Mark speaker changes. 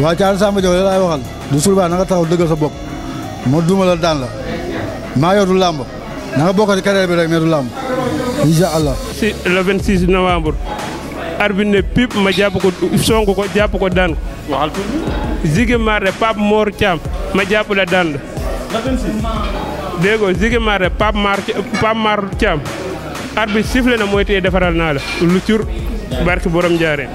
Speaker 1: waaye Thiatou Samba Diaw laay waxal du sulbaa na taxaw dëggal sa bopp ma duma daan la maa yor du làmb na nga ci bi rek mais du làmb incha allah.
Speaker 2: si le 26
Speaker 3: novembre. arbitre ne ma jàpp ko song ko jàpp ko daan ko. waxal tur bi. Ziguinchor ma jàpp la daan la. le 26. dégg nga Ziguinchor Pape Mar Pape Mar Thiam. arbitre na mooy téye defaral naa
Speaker 4: la. lu cur barki borom jaaree.